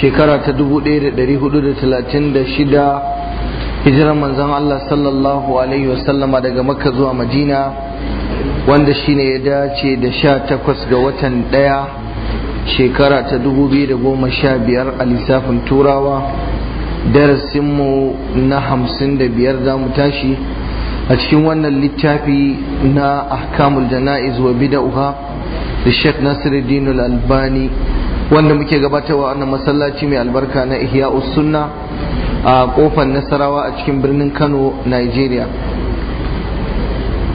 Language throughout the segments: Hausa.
shekara ta 1436 hijirar manzon Allah sallallahu alaihi wasallama daga makka zuwa madina wanda shi ne ya dace da 18 ga watan ɗaya shekara ta 2015 a lissafin turawa darasinmu na 55 za mu tashi a cikin wannan littafi na ahkamul jana'iz wa bida'uha da sheikh nasiru albani wanda muke gabatarwa wannan masallaci mai albarka na ihya sunna a kofar nasarawa a cikin birnin kano nigeria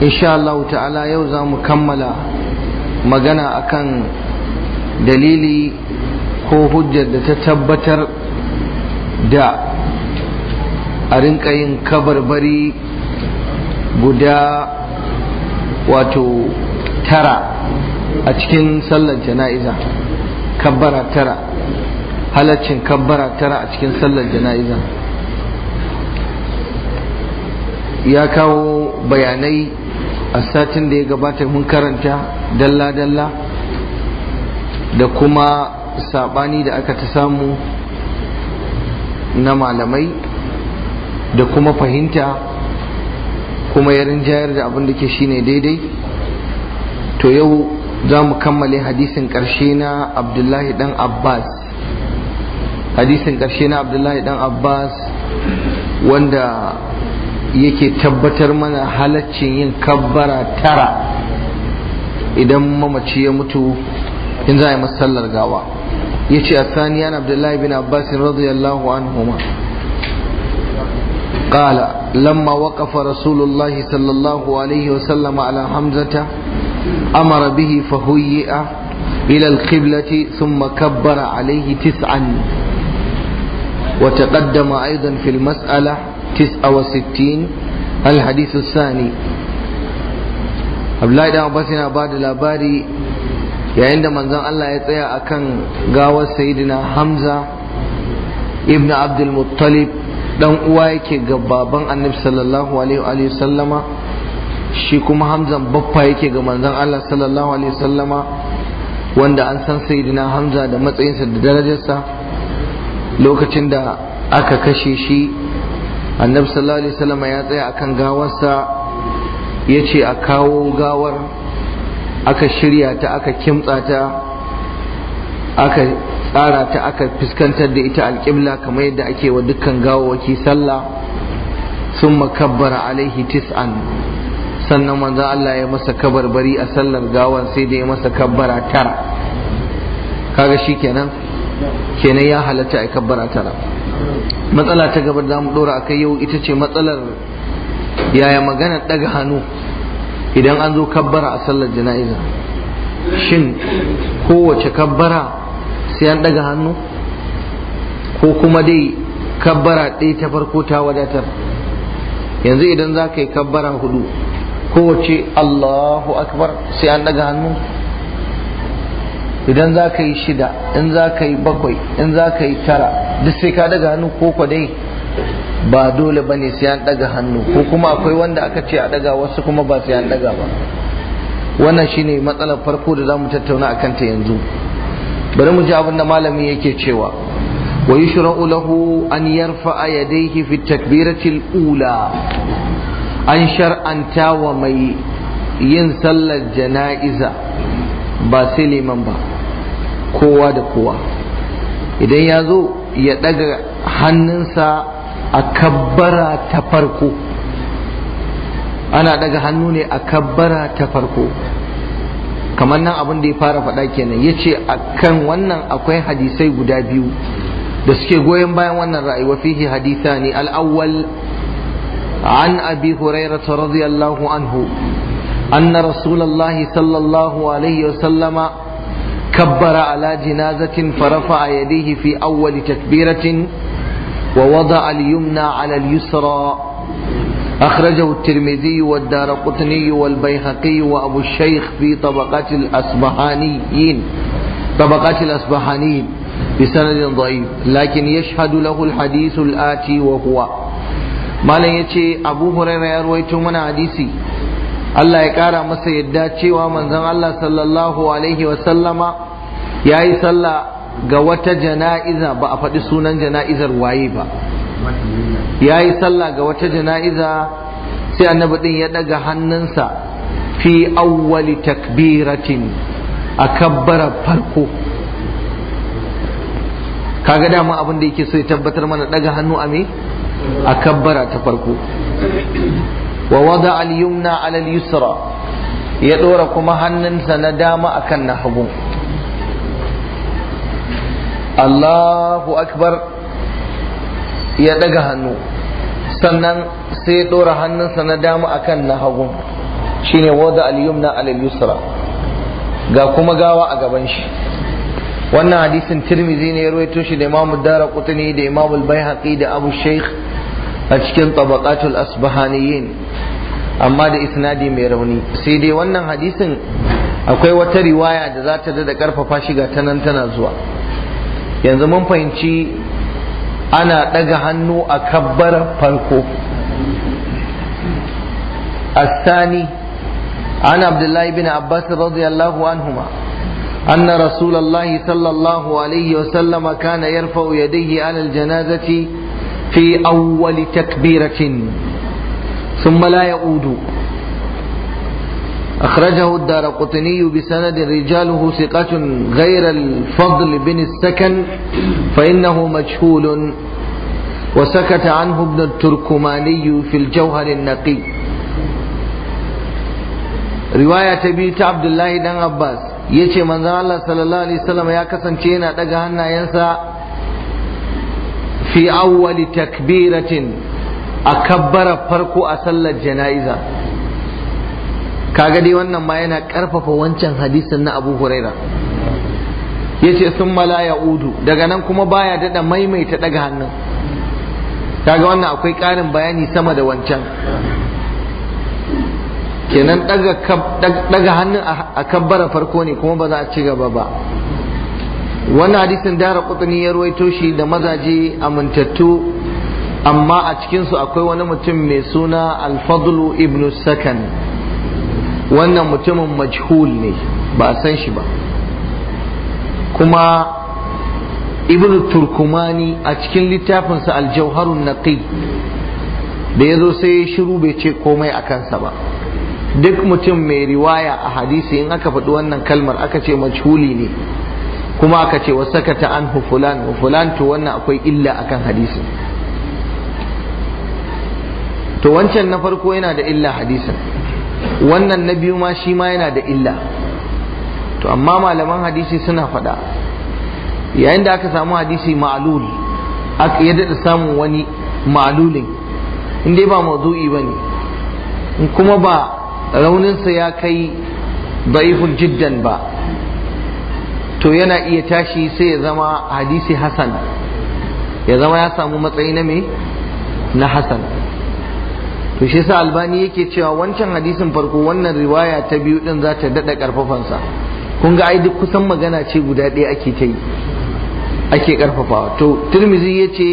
insha Allah ta'ala yau za mu kammala magana akan dalili ko hujjar da ta tabbatar da a rinka yin kabarbari guda wato tara a cikin sallar jana'iza kabbara tara halaccin kabbara tara a cikin sallar jana'iza ya kawo bayanai a satin da ya gabata mun karanta dalla-dalla da kuma sabani da aka ta samu na malamai da kuma fahimta kuma ya rinjayar da abin da ke shine daidai to yau za mu kammale hadisin ƙarshe na abdullahi dan abbas hadisin ƙarshe na abdullahi ɗan abbas wanda yake tabbatar mana halaccin yin kabbara tara idan mamaci ya mutu in za a yi masallar gawa ya ce a saniya abdullahi bin abbas radiyallahu anhu قال لما وقف رسول الله صلى الله عليه وسلم على حمزة أمر به فهيئ إلى القبلة ثم كبر عليه تسعا وتقدم أيضا في المسألة تسعة وستين الحديث الثاني Abdullahi dan Abbas yana ba da labari yayin da manzon Allah ya tsaya akan gawar Sayyidina Hamza ibn Abdul Muttalib dan uwa yake ga baban annabi sallallahu alaihi wa sallama shi kuma hamzan baffa yake ga manzon Allah sallallahu alaihi wa sallama wanda an san sayyidina hamza da matsayinsa da darajarsa lokacin da aka kashe shi annabi sallallahu alaihi sallama ya tsaya akan gawarsa ya ce a kawo gawar aka shirya ta aka kimtsa ta aka tsara ta aka fuskantar da ita alƙibla kamar yadda ake wa dukkan gawowaki sallah sun makabbara alaihi tis'an sannan manzo Allah ya masa kabarbari a sallar gawan sai da ya masa kabbara tara kaga shi kenan kenan ya halatta a kabbara tara matsala ta gaba da mu dora akai yau ita ce matsalar yaya magana daga hannu idan an zo kabbara a sallar jana'iza shin kowace kabbara sai an daga hannu ko kuma dai kabbara ɗaya ta farko ta wadatar yanzu idan za ka yi kabbara hudu kowace Allahu akbar sai an daga hannu idan za ka yi shida in za ka yi bakwai in za ka yi tara duk sai ka daga hannu ko kwa dai ba dole ba ne sai an daga hannu ko kuma akwai wanda aka ce a daga wasu kuma ba sai an daga ba wannan shine matsalar farko da za mu tattauna a kanta yanzu bari mu ji abin da malami yake cewa wa yushra'u lahu an yarfa'a yadayhi fi takbiratil ula an shar'anta wa mai yin sallar jana'iza ba sai liman ba kowa da kowa idan ya zo ya daga hannunsa a kabbara ta farko ana daga hannu ne a kabbara ta farko kamar nan abin da ya fara faɗa kenan ya ce a kan wannan akwai hadisai guda biyu da suke goyon bayan wannan ra'ayi wa fihi ne al'awwal an abi huraira radiyallahu anhu anna rasulullah sallallahu alaihi wa sallama kabbara ala jinazatin farafa a yadihi fi awwali takbiratin wa wada al-yumna alal al-yusra أخرجه الترمذي والدارقطني والبيهقي وأبو الشيخ في طبقات الأصبهانيين طبقات الأصبهانيين بسند ضعيف لكن يشهد له الحديث الآتي وهو ما لن يتشي أبو هريرة يرويت من حديثي Allah ya ƙara masa yadda cewa manzon Allah sallallahu Alaihi wasallama ya yi sallah ga wata jana'iza ba a faɗi sunan jana'izar waye ba. ya yi sallah ga wata jana'iza sai annabi ɗin ya ɗaga hannunsa fi awwali takbiratin a kabbara farko kaga dama abin da yake so ya tabbatar mana ɗaga hannu a me a kabbara ta farko wa wada al-yumna ala al-yusra ya ɗora kuma hannunsa na dama akan na hagu Allahu akbar ya daga hannu sannan sai ya ɗora hannunsa na dama akan na hagu shine ne al-yumna al-yusra ga kuma gawa a gaban shi wannan hadisin tirmizi ne ya rawaito shi da imamu dara kutani da imamu al da abu sheikh a cikin tabaqatul asbahaniyin amma da isnadi mai rauni sai dai wannan hadisin akwai wata riwaya da za ta da karfafa shi ga tanan tana zuwa yanzu mun fahimci ana ɗaga hannu a kabbar farko الثاني عن عبد الله بن عباس رضي الله عنهما أن رسول الله صلى الله عليه وسلم كان يرفع يديه على الجنازة في أول تكبيرة ثم لا يؤود أخرجه الدارقطني بسند رجاله ثقة غير الفضل بن السكن فإنه مجهول وسكت عنه ابن التركماني في الجوهر النقي رواية بيت عبد الله بن عباس يشي من الله صلى الله عليه وسلم يا كسن شينا تجاهنا ينسى في أول تكبيرة أكبر فرق أسل الجنائزة kaga dai wannan ma yana karfafa wancan hadisin na Abu Huraira yace sun mala ya udu daga nan kuma baya dada maimaita daga hannun kaga wannan akwai karin bayani sama da wancan kenan daga hannun a kabbara farko ne kuma ba za a ci gaba ba wannan hadisin dara kutuni ya ruwaito shi da mazaje amintattu amma a cikinsu akwai wani mutum mai suna alfadlu ibnu sakan wannan mutumin majhul ne ba san shi ba kuma ibn turkumani a cikin littafinsa aljauharun naqi da ya zo sai ya shiru bai ce komai a kansa ba duk mutum mai riwaya a hadisi in aka faɗi wannan kalmar aka ce majhuli ne kuma aka ce wa sakata an fulan wa to wannan akwai illa akan hadisin to wancan na farko yana da illa hadisin wannan na biyu ma shi ma yana da illa to amma malaman hadisi suna faɗa yayin da aka samu hadisi ma'lul aka yadda da samun wani ma'lulin in dai ba mazu'i ba ne kuma ba rauninsa ya kai da'ifun jiddan ba to yana iya tashi sai ya zama hadisi hasan ya zama ya samu matsayi na me na hasan to shi yasa albani yake cewa wancan hadisin farko wannan riwaya ta biyu din za ta dada karfafansa kun ga ai duk kusan magana ce guda ɗaya ake ta yi ake karfafawa to turmizi ya ce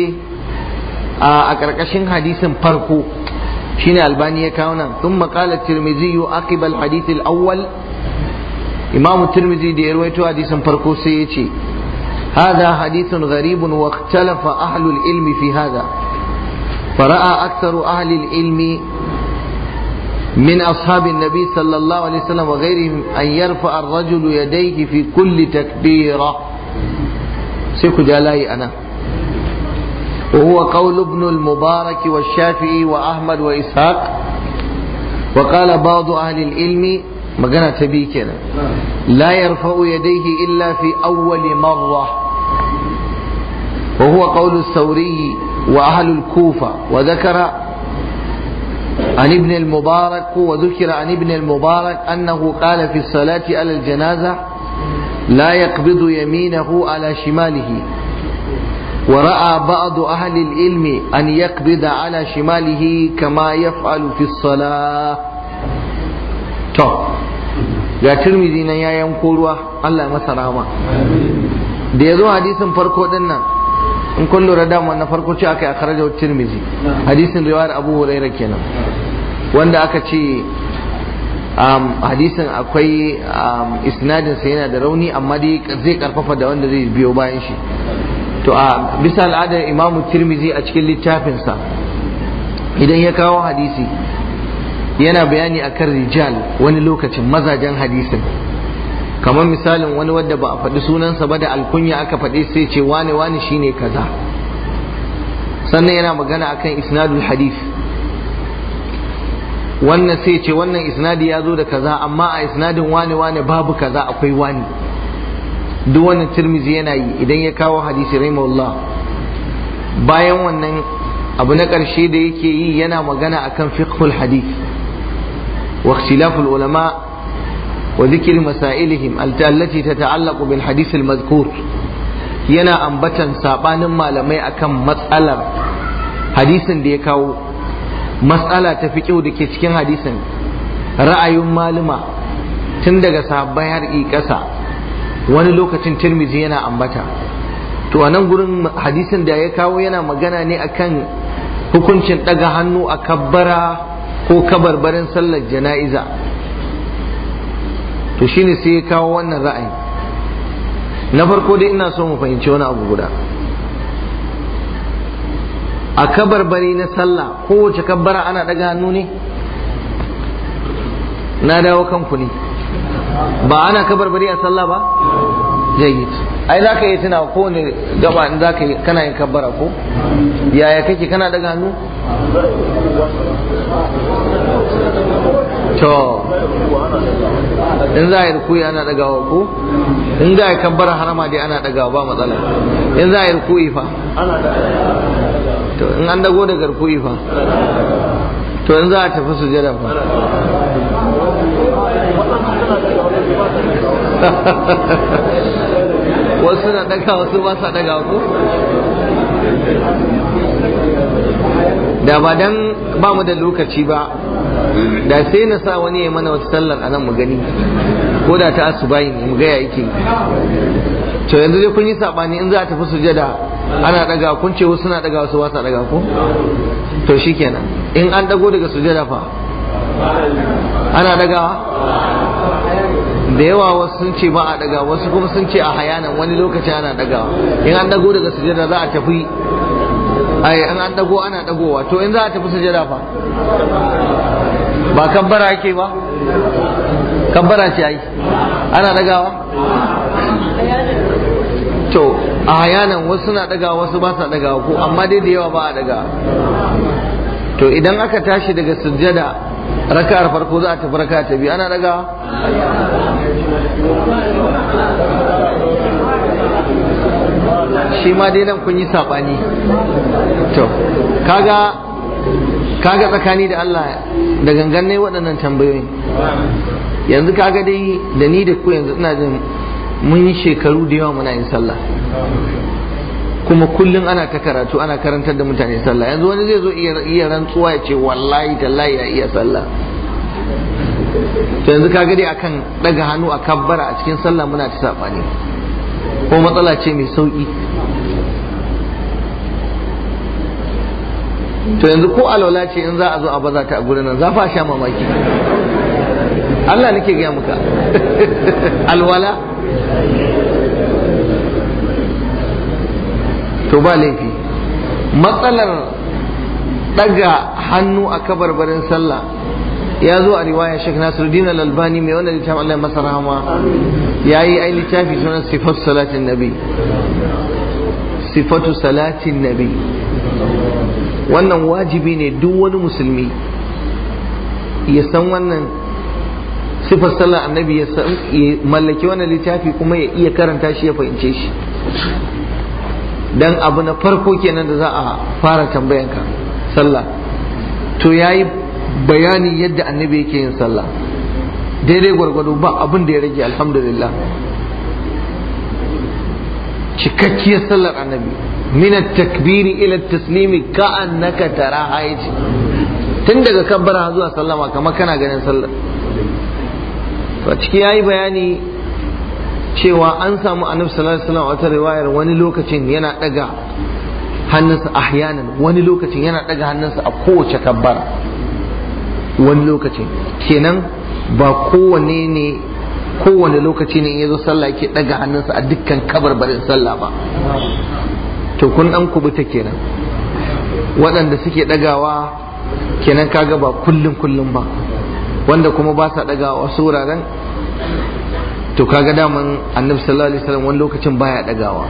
a ƙarƙashin hadisin farko shine albani ya kawo nan sun maƙala turmizi yi aqibal hadith awwal imamu turmizi da ya rawaito hadisin farko sai ya ce hadha hadithun gharibun wa ahlul ilmi fi hadha فراى أكثر أهل العلم من أصحاب النبي صلى الله عليه وسلم وغيرهم أن يرفع الرجل يديه في كل تكبيرة سيكو جالاي أنا وهو قول ابن المبارك والشافعي وأحمد وإسحاق وقال بعض أهل العلم مغنى تبيكنا لا يرفع يديه إلا في أول مرة وهو قول الثوري وأهل الكوفة وذكر عن ابن المبارك وذكر عن ابن المبارك أنه قال في الصلاة على الجنازة لا يقبض يمينه على شماله ورأى بعض أهل العلم أن يقبض على شماله كما يفعل في الصلاة طب ga turmizi nan ya yanko ruwa Allah masa rama da ya zo hadisin farko din nan in kun lura dama na farko ce aka yi akhrajahu tirmizi hadisin riwayar abu huraira kenan wanda aka ce um, hadisin akwai um, sa yana da rauni amma dai zai karfafa da wanda zai biyo bayan shi to a bisa al'adar imamu tirmizi a cikin littafinsa idan ya kawo hadisi yana bayani akan rijal wani lokacin mazajen hadisin kamar misalin wani wadda ba a faɗi sunansa ba da alkunya aka faɗi sai ce wani wane shine kaza sannan yana magana akan isnadul hadith wannan sai ce wannan isnadi ya zo da kaza amma a isnadin wani wani babu kaza akwai wani duk wannan tirmizi yana yi idan ya kawo hadisi rahimahullah bayan wannan abu na ƙarshe da yake yi yana magana akan fiqhul hadith wa ikhtilaful ulama Wa zikiri وذكر مسائلهم التي تتعلق بالحديث المذكور yana ambatan sabanin malamai akan matsalar hadisin da ya kawo matsala ta fi kyau da ke cikin hadisin ra'ayin maluma tun daga sahabbai har ƙasa wani lokacin tirmizi yana ambata to a nan gurin hadisin da ya kawo yana magana ne akan hukuncin ɗaga hannu a kabbara ko kabarbarin sallar jana'iza to shine sai ya kawo wannan ra'ayi na farko dai ina so mu fahimci wani abu guda a kabarbari na sallah kowace kabbara ana daga hannu ne na dawo kanku ne ba ana kabarbari a sallah ba jayyid ai za ka yi tuna kowane gaba in za ka yi kana yin kabbara ko yaya kake kana daga hannu to in za a yi rukuyi ana dagawa ko in za a yi kabbar harama dai ana dagawa ba matsala in za a yi rukuyi fa to in an dago daga rukuyi fa to in za a tafi jada fa wasu na daga wasu ba sa daga ko da ba dan ba mu da lokaci ba da sai na sa wani ya mana wata sallar a nan mu gani ko da ta asubahi mu ga ya yake to yanzu dai kun yi sabani in za a tafi sujada ana daga kun ce wasu na daga wasu wasa daga ko to shikenan in an dago daga sujada fa ana daga da yawa wasu sun ce ba a daga wasu kuma sun ce a hayanan wani lokaci ana daga in an dago daga sujada za a tafi ai an dago ana dagowa to in za a tafi sujada fa ba kabbara ake ba kabbara ce ai ana dagawa to a hayanan wasu na daga wasu ba sa daga ko amma dai da yawa ba a daga to idan aka tashi daga sujjada raka'ar farko za a tafi raka'a ta biyu ana daga shi ma dai nan kun yi saɓani to kaga kaga tsakani da Allah da gangan ne waɗannan tambayoyin yanzu kaga dai da ni da ku yanzu ina jin mun yi shekaru da yawa muna yin sallah kuma kullum ana ta karatu ana karantar da mutane sallah yanzu wani zai zo iya rantsuwa ya ce wallahi tallahi ya iya sallah to yanzu kaga dai akan daga hannu a kabbara a cikin sallah muna ta ne ko matsala ce mai sauki to yanzu ko alwala ce in za a zo a baza ta a gurin nan za fa sha mamaki Allah nake gaya muka alwala to ba laifi matsalar daga hannu a kabarbarin sallah ya zo a riwaya shek Nasiruddin Al-Albani mai wannan littafin Allah masa rahama yi ai littafi sunan sifatu salatin nabi sifatu salatin nabi wannan wajibi ne duk wani musulmi ya san wannan sifar sallar annabi ya mallaki wannan littafi kuma ya iya karanta shi ya fahimce shi dan abu na farko kenan da za a fara tambayanka sallah to yayi bayani yadda annabi yake yin sallah daidai gwargwado ba abin da ya rage alhamdulillah cikakkiyar sallar annabi min takbiri ila taslimi ka annaka taraha yace tun daga kabbara zuwa sallama kamar kana ganin sallar to ciki yayi bayani cewa an samu annabi sallallahu alaihi wasallam wata riwayar wani lokacin yana daga hannunsa ahyanan wani lokacin yana daga hannunsa a kowace kabbara wani lokacin kenan ba kowanne ne kowane lokaci ne ya zo sallah yake daga hannunsa a dukkan kabarbarin sallah ba to kun dan kubuta kenan waɗanda suke ɗagawa kenan kaga ba kullum kullum ba wanda kuma ba sa ɗagawa wasu wuraren to kaga daman annabi sallallahu alaihi wasallam wani lokacin baya ɗagawa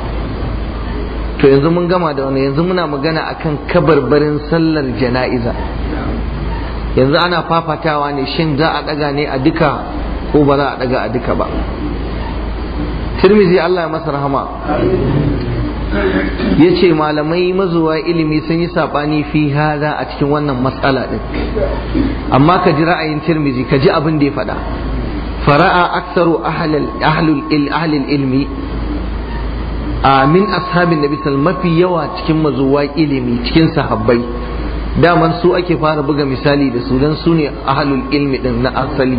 to yanzu mun gama da wani yanzu muna magana akan kabarbarin sallar jana'iza yanzu ana fafatawa ne shin za a ɗaga ne a duka ko ba za a ɗaga a duka ba Tirmizi Allah ya masa rahama ya ce malamai mazuwa ilimi sun yi saɓani fi hada a cikin wannan matsala ɗin amma ka ji ra'ayin tirmizi ka ji abin da ya faɗa fara'a aksaru ahlul ilmi a min ashabin nabi mafi yawa cikin mazuwa ilimi cikin sahabbai daman su ake fara buga misali da su don su ne ahalul ilmi din na asali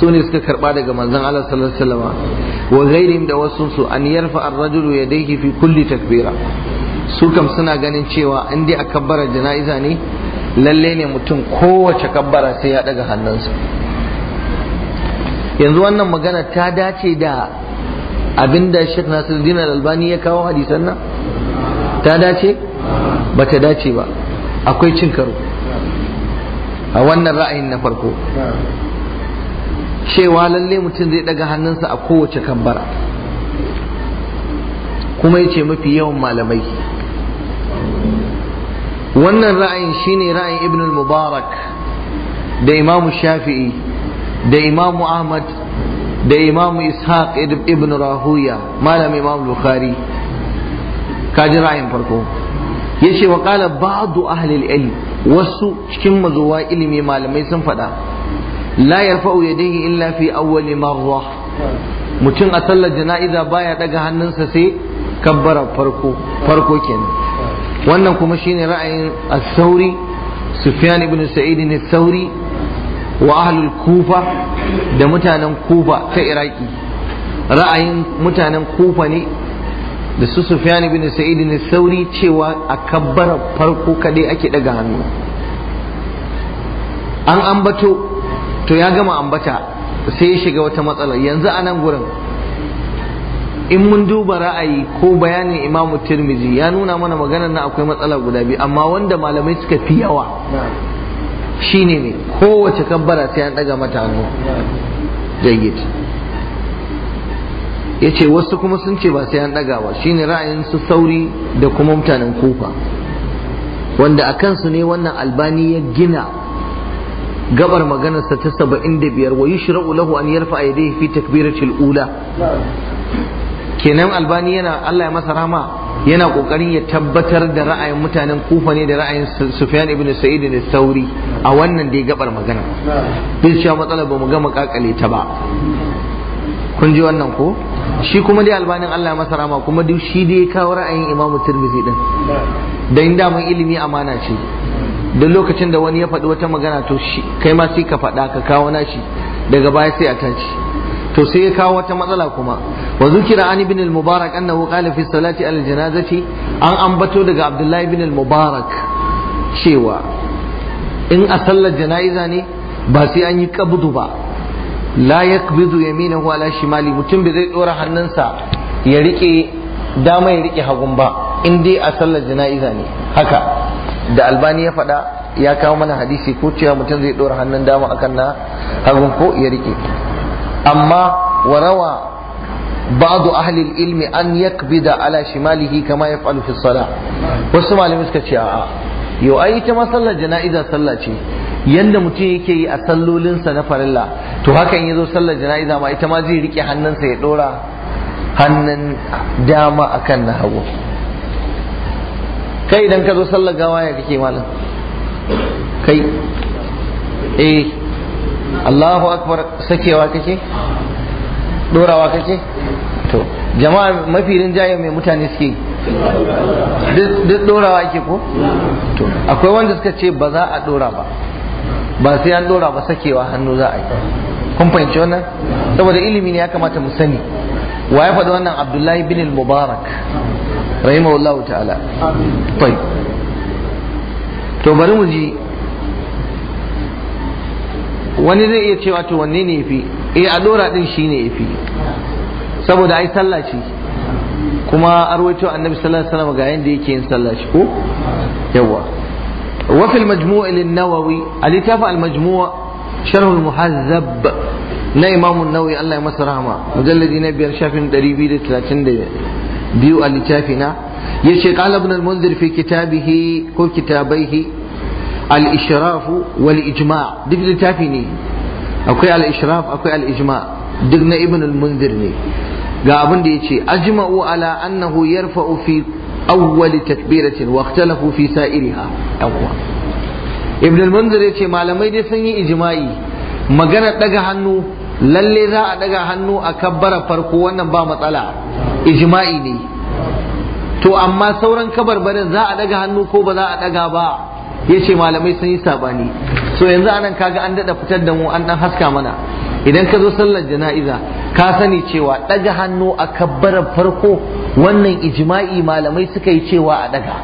su ne suka karba daga manzon Allah sallallahu alaihi wasallam wa ghairihim da wasu su an yarfa ar-rajulu yadayhi fi kulli takbira su kam suna ganin cewa in dai akabbara jana'iza ne lalle ne mutum kowace kabbara sai ya daga hannunsa yanzu wannan magana ta dace da abinda Sheikh Nasiruddin Al-Albani ya kawo hadisan nan ta dace ba ta dace ba akwai cin karo a wannan ra'ayin na farko cewa lalle mutum zai daga hannunsa a kowace kambara kuma yace mafi yawan malamai wannan ra'ayin shine ra'ayin ibn mubarak da imamu shafi'i da imamu ahmad da imamu ishaq ibn rahuya malam imam bukhari kaji ra'ayin farko yace wa qala ba ahli halil wasu cikin mazuwa ilimi malamai sun faɗa la ya yadayhi illa fi awwali marwa mutum a sallar jana'iza baya daga hannunsa sai kabbara farko farko kenan wannan kuma shine ra'ayin as-sauri sufyan ibn sa'id ne sauri wa ahlul kufa da mutanen kufa ta iraki ra'ayin mutanen kufa ne da su Sufiyani ibn Sa'id ne sauri cewa a kabbara farko kadai ake daga hannu an ambato to ya gama ambata sai ya shiga wata matsala yanzu a nan gurin in mun duba ra'ayi ko bayanin imamu tirmizi ya nuna mana maganar na akwai matsala guda biyu amma wanda malamai suka fi yawa shine ne kowace kabbara sai an daga mata hannu jayyid ya ce wasu kuma sun ce ba sai an ɗaga ba shine ra'ayin su sauri da kuma mutanen kufa wanda a kansu ne wannan albani ya gina gabar maganarsa ta saba'in da biyar wa yushra'u lahu an yarfa a ya fi takbiratil ula kenan albani yana Allah ya masa rama yana kokarin ya tabbatar da ra'ayin mutanen kufa ne da ra'ayin sufyan ibn sa'id da sauri a wannan da ya gabar magana bin sha matsalar ba mu gama kakale ta ba kun ji wannan ko shi kuma dai albanin Allah masa rama kuma duk shi dai kawo ra'ayin Imam Tirmidhi din da inda mun ilimi amana ce duk lokacin da wani ya faɗi wata magana to shi kai ma sai ka faɗa ka kawo nashi daga baya sai a tashi to sai ya kawo wata matsala kuma wa zukira an ibn al-mubarak annahu qala fi salati al-janazati an ambato daga Abdullahi ibn al-mubarak cewa in a sallar jana'iza ne ba sai an yi kabudu ba la yakbidu yaminahu ala shimali mutum bai zai dora hannunsa ya rike dama ya rike hagun ba in dai a sallar jana'iza ne haka da albani ya faɗa ya kawo mana hadisi ko cewa mutum zai dora hannun dama akan na hagun ko ya rike amma warawa بعض أهل العلم أن hi على شماله كما يفعل في الصلاة وسمع ce شعاء yau ai ita ma sallar jana'iza sallah ce yanda mutum yake yi a sallolinsa na farilla to hakan ya zo sallar jana'iza ma ita ma zai rike hannunsa ya dora hannun dama akan na hagu kai idan ka zo sallar gawa ya rike malam kai eh Allahu akbar sakewa kake dorawa kake to jama'a mafi rinjaye mai mutane suke duk dorawa ake ko to akwai wanda suka ce ba za a dora ba ba sai an dora ba sakewa hannu za a yi kun fahimci wannan saboda ilimi ne ya kamata mu sani wa ya faɗi wannan abdullahi bin mubarak rahimahullahu ta'ala to bari mu ji wani zai iya cewa to wanne ne fi eh a dora din shine fi. saboda ai sallah ce kuma arwaito annabi sallallahu alaihi wasallam ga yanda yake yin sallah shi ko yawa wa fil majmu' lin-nawawi al-litafa al-majmu' sharh al-muhazzab na imam an-nawawi Allah ya masa rahama mujalladi na biyar shafin 232 al-litafi na yace qala ibn al-munzir fi kitabihi ko kitabaihi al-ishraf wal-ijma' duk litafi ne akwai al-ishraf akwai al-ijma' duk na ibn al-munzir ne ga abin da ce ajma'u ala annahu yarfa'u fi awwal takbiratin wa ikhtalafu fi sa'iriha yawwa ibn al-munzir yace malamai dai sun yi ijma'i magana daga hannu lalle za a daga hannu a kabbara farko wannan ba matsala ijma'i ne to amma sauran kabarbarin za a daga hannu ko ba za a daga ba yace malamai sun yi sabani so yanzu anan kaga an dada fitar da mu an dan haska mana idan ka zo sallar jana'iza ka sani cewa ɗaga hannu a kabbarar farko wannan ijma'i malamai suka yi cewa a ɗaga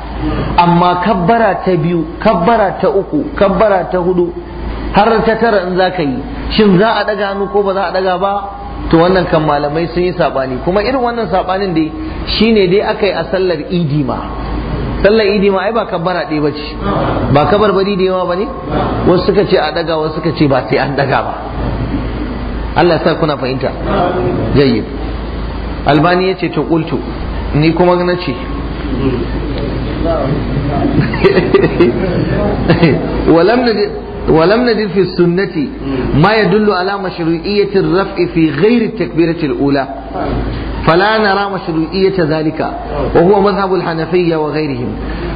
amma kabbara ta biyu kabbara ta uku kabbara ta hudu har ta tara in za ka yi shin za a ɗaga hannu ko ba za a ɗaga ba to wannan kan malamai sun yi saɓani kuma irin wannan saɓanin dai shine dai aka yi a sallar idi ma sallar idi ma ai ba kabbara ɗaya ba ce ba kabarbari da yawa ba ne wasu suka ce a ɗaga wasu suka ce ba sai an ɗaga ba Allah sa kuna fahimta jayyib albani yace to qultu ni kuma na ce ولم نجد ولم نجد في السنة ما يدل على مشروعية الرفع في غير التكبيرة الأولى فلا نرى مشروعية ذلك وهو مذهب الحنفية وغيرهم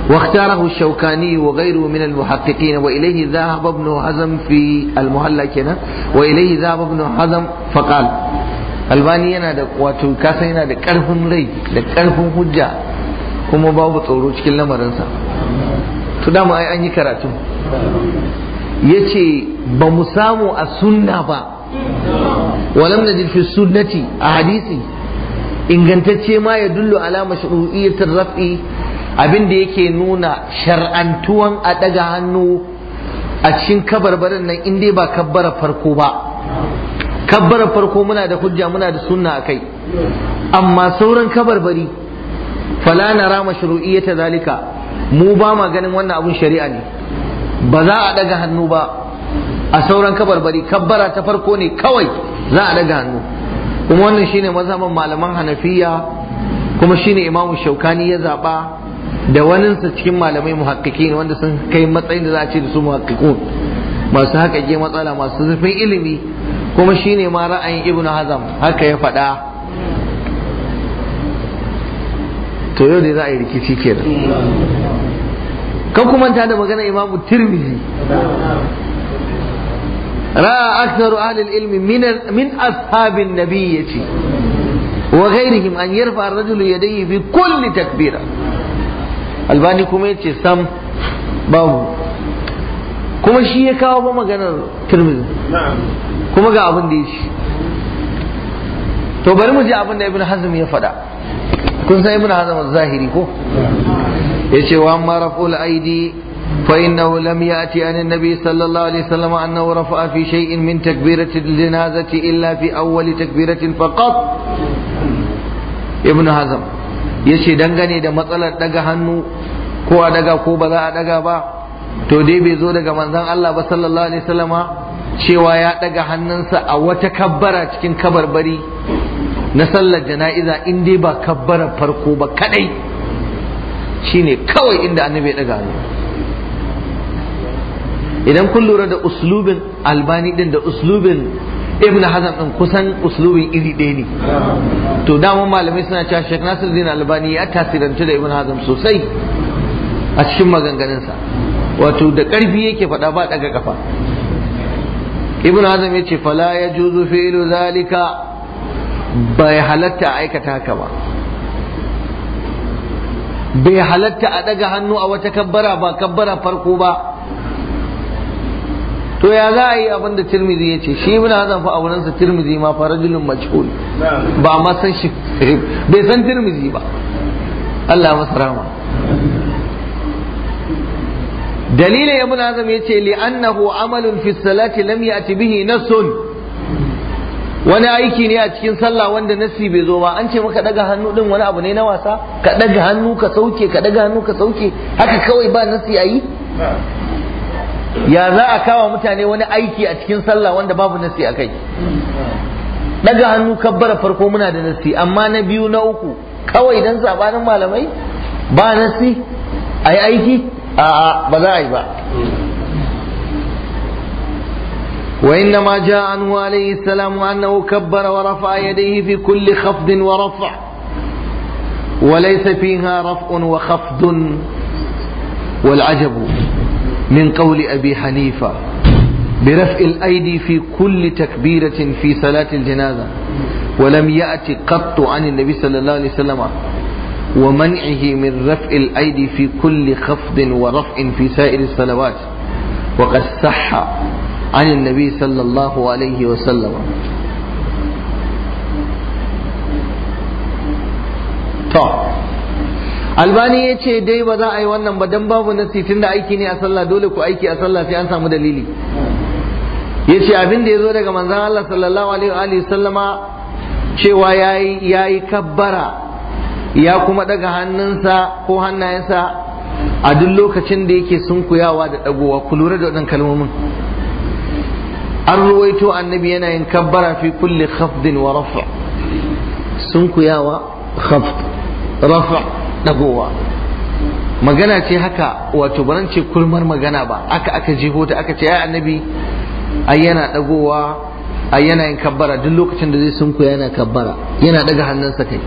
واختاره الشوكاني وغيره من المحققين وإليه ذهب ابن حزم في المهلة كنا وإليه ذهب ابن حزم فقال albani yana da wato kasa yana da karfin rai da karfin hujja kuma babu tsoro cikin lamarinsa to dama ai an yi karatu ya ce ba mu samu a sunna ba walam na a hadisi ingantacce ma ya dullu alama shuru'iyyatar raf'i abin da yake nuna shar'antuwan a daga hannu a cikin kabarbarin nan in dai ba kabbara farko ba kabbara farko muna da hujja muna da sunna a kai amma sauran kabarbari fala rama ta zalika mu ba ma ganin wannan abun shari'a ne ba za a daga hannu ba a sauran kabarbari kabbara ta farko ne kawai za a ɗaga hannu kuma wannan shine mazhaban malaman hanafiya kuma shine imamu shaukani ya zaba da waninsa cikin malamai muhakkiki wanda sun kai matsayin da za a ce da su muhakkiku masu haƙaƙe matsala masu zurfin ilimi kuma shi ne ma ra'ayin ibn hazam haka ya faɗa to yau da za a yi rikici kenan kan kuma ta da magana imamu tirmidhi ra'a aktharu ahlil ilmi min ashabin nabi yace wa ghairihim an yarfa ar-rajulu yadayhi bi kulli takbira albani kuma ya ce sam babu kuma shi ya kawo ba maganar turmizi kuma ga abin da ya shi to bari mu ji abin da ibn hazm ya faɗa kun san ibn hazm zahiri ko yace wa amma raf'ul aidi fa innahu lam ya'ti an an-nabi sallallahu alaihi wasallam annahu rafa'a fi shay'in min takbirati al-janazati illa fi awwal takbiratin faqat ibn hazm yace dangane da matsalar daga hannu ko a daga ko ba za a daga ba to dai bai zo daga manzan Allah ba sallallahu alaihi wasallama cewa ya daga hannunsa a wata kabbara cikin kabarbari na sallar jana'iza in dai ba kabbara farko ba kadai shine kawai inda annabi ya daga hannu idan kun lura da uslubin albani din da uslubin ibn hazan din kusan uslubin iri ɗaya ne to dama malamai suna cewa nasir din Albani ya tasirantu da ibn hazan sosai a cikin maganganunsa wato da ƙarfi yake faɗa ba daga kafa ibn hazan ya ce fala yajuzu fi'lu zalika bai halatta aikata haka ba bai halatta a ɗaga hannu a wata kabbara ba kabbara farko ba to ya za a yi abin da ya ce shi ibn hazan fa a wurinsa tirmidhi ma fa rajulun majhul ba ma san shi eh, bai san tirmidhi ba Allah masa rama dalilin ibn hazan ya ce li annahu amalun fi salati lam ya'ti bihi son, wani aiki ne a cikin sallah wanda nasi bai zo ba an ce maka daga hannu din wani abu ne na wasa ka daga hannu ka sauke ka daga hannu ka sauke haka kawai ba nasi ayi ya za a kawo mutane wani aiki a cikin sallah wanda babu nasi a kai daga hannu kabbara farko muna da nasi amma na biyu na uku kawai dan sabanin malamai ba nasi a yi aiki a ba za a yi ba وإنما جاء عنه عليه السلام أنه كبر ورفع يديه في كل خفض ورفع وليس فيها رفع وخفض والعجب من قول أبي حنيفة برفع الأيدي في كل تكبيرة في صلاة الجنازة ولم يأتي قط عن النبي صلى الله عليه وسلم ومنعه من رفع الأيدي في كل خفض ورفع في سائر الصلوات وقد صح عن النبي صلى الله عليه وسلم طب albani ya ce dai ba za a yi wannan ba dan babu na sitin da aiki ne a sallah dole ku aiki a sallah sai an samu dalili ya ce abin da ya zo daga manzan Allah sallallahu alaihi wa sallama cewa ya yi kabbara ya kuma daga hannunsa ko hannayensa a duk lokacin da yake sunkuyawa da dagowa ku lura da waɗannan kalmomin an ruwaito annabi yana yin kabbara fi kulli khafdin wa rafa sunkuyawa khafd rafa dagowa magana ce haka wato baran ce kulmar magana ba aka aka jiho ta aka ce ya annabi ai yana dagowa ai yana yin kabbara duk lokacin da zai sunku yana kabbara yana daga hannunsa kai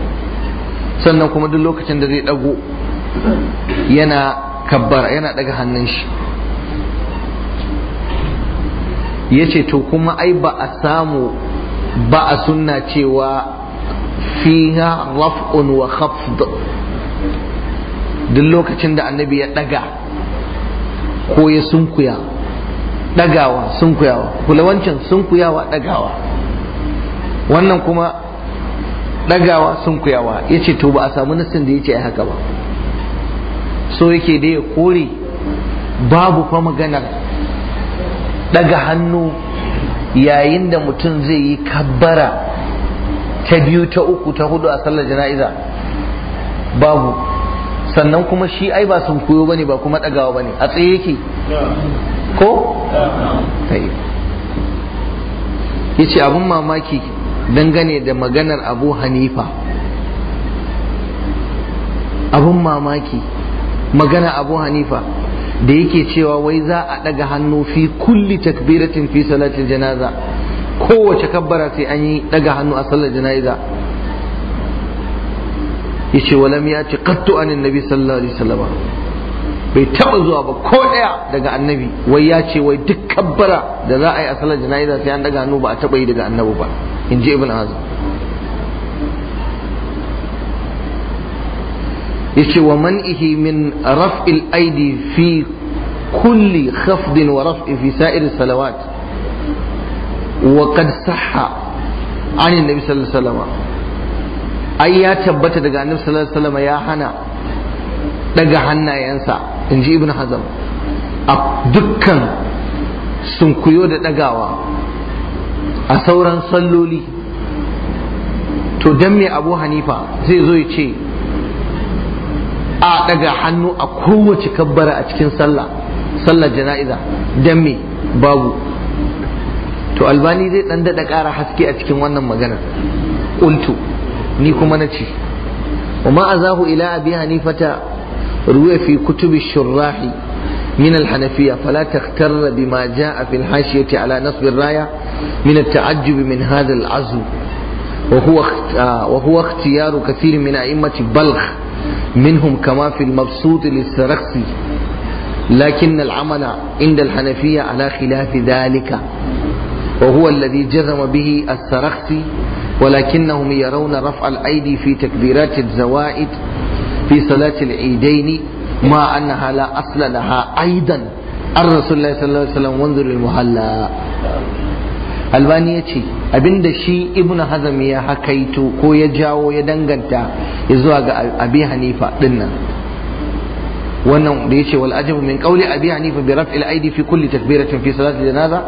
sannan kuma duk lokacin da zai dago yana kabbara yana daga hannun shi ya ce to kuma ai ba a samu ba a sunna cewa fiha raf'un wa khafd duk lokacin da annabi ya daga ko ya sunkuya dagawa sunkuyawa kula wancan sunkuyawa dagawa wannan kuma dagawa sunkuyawa ya ce to ba a samu nasin da ya ce haka ba so yake da ya kore babu fa maganar daga hannu yayin da mutum zai yi kabbara ta biyu ta uku ta hudu a sallar jana'iza babu sannan kuma shi ai ba sun koyo bane ba kuma ɗagawa bane a tsaye yake ko sai yace abun mamaki dangane da maganar Abu Hanifa abun mamaki magana Abu Hanifa da yake cewa wai za a ɗaga hannu fi kulli takbiratin fi salatin janaza kowace kabbara sai an yi ɗaga hannu a sallar janaza yace walam yati qattu anin nabi sallallahu alaihi wasallam bai taba zuwa ba ko daya daga annabi wai ya ce wai duk kabbara da za a yi a salar jana'iza sai an daga hannu ba a taba yi daga annabi ba in ji ibn hazm yace wa man'ihi min raf'il aidi fi kulli khafdin wa raf'i fi sa'ir salawat wa qad sahha an annabi sallallahu alaihi wasallam ai ya tabbata daga annabi sallallahu alaihi wasallam ya hana daga hannayensa in ibn hazm a dukkan sunkuyo da dagawa a sauran salloli to dan me abu hanifa zai zo ya ce a daga hannu a kowace kabbara a cikin sallah sallar jana'iza dan me babu to albani zai dan daɗe kara haske a cikin wannan magana ƙuntu ni kuma na ce وما أزاه إلى أبي حنيفة روي في كتب الشراح من الحنفية فلا تغتر بما جاء في الحاشية على نصب الراية من التعجب من هذا العزو وهو وهو اختيار كثير من أئمة بلخ منهم كما في المبسوط للسرخسي لكن العمل عند الحنفية على خلاف ذلك وهو الذي جزم به السرخسي ولكنهم يرون رفع الأيدي في تكبيرات الزوائد في صلاة العيدين مع أنها لا أصل لها أيضا عن الله صلى الله عليه وسلم وانظر المهلا albani ya ce abinda shi ibn hazam ya hakaito ko ya jawo ya danganta ya zuwa ga abi hanifa dinnan wannan da ya ce wal ajabu min qawli abi hanifa bi raf'il aidi fi kulli takbiratin fi salati janaza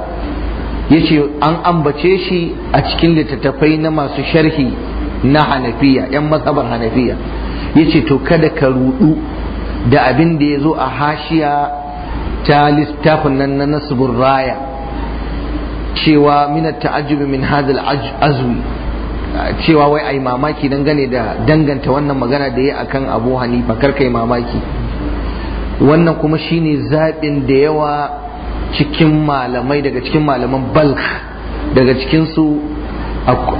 yace an ambace shi a cikin littattafai na masu sharhi na hanafiya yan mazhabar hanafiya yace to kada ka rudu da abin da ya zo a hashiya ta littafin nan na nasibin raya cewa mina ta'ajjubi min hadal azumi. cewa wai ai mamaki dangane da danganta wannan magana da ya akan abu hanifa kar yi mamaki wannan kuma shine zaɓin da yawa cikin malamai daga cikin malaman balk daga cikinsu